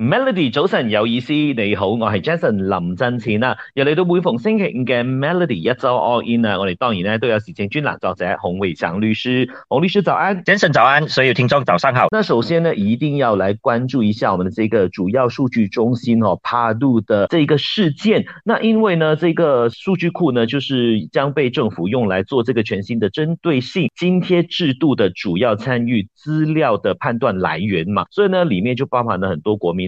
Melody 早晨有意思，你好，我係 Jason 林振前啦，又嚟到每逢星期五嘅 Melody 一周 All In 啦，我哋當然咧都有時政專欄，作者洪偉強律師，洪律師早安，Jason 早安，所有聽眾早上好。那首先呢，一定要來關注一下我們的這個主要數據中心哦 PADU 的這個事件。那因為呢，這個數據庫呢，就是將被政府用來做這個全新的針對性津貼制度的主要參與資料的判斷來源嘛，所以呢，裡面就包含了很多國民。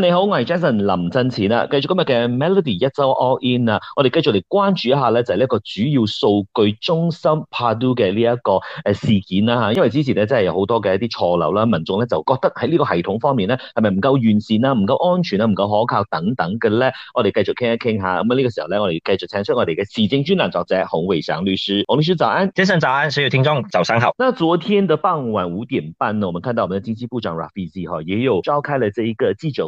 你好，我係 Jason 林振前啦。繼續今日嘅 Melody 一周 All In 啦。我哋繼續嚟關注一下咧，就係呢一個主要數據中心 Padu 嘅呢一個誒事件啦。吓，因為之前咧真係有好多嘅一啲錯漏啦，民眾咧就覺得喺呢個系統方面咧係咪唔夠完善啦、唔夠安全啦、唔夠可靠等等嘅咧。我哋繼續傾一傾下。咁啊，呢個時候咧，我哋繼續請出我哋嘅時政專欄作者孔維祥律師。孔律師早安，Jason 早安，所有聽眾早上好。那昨天的傍晚五點半呢，我們看到我們嘅經濟部長 Rafizi 哈也有召開了這一個記者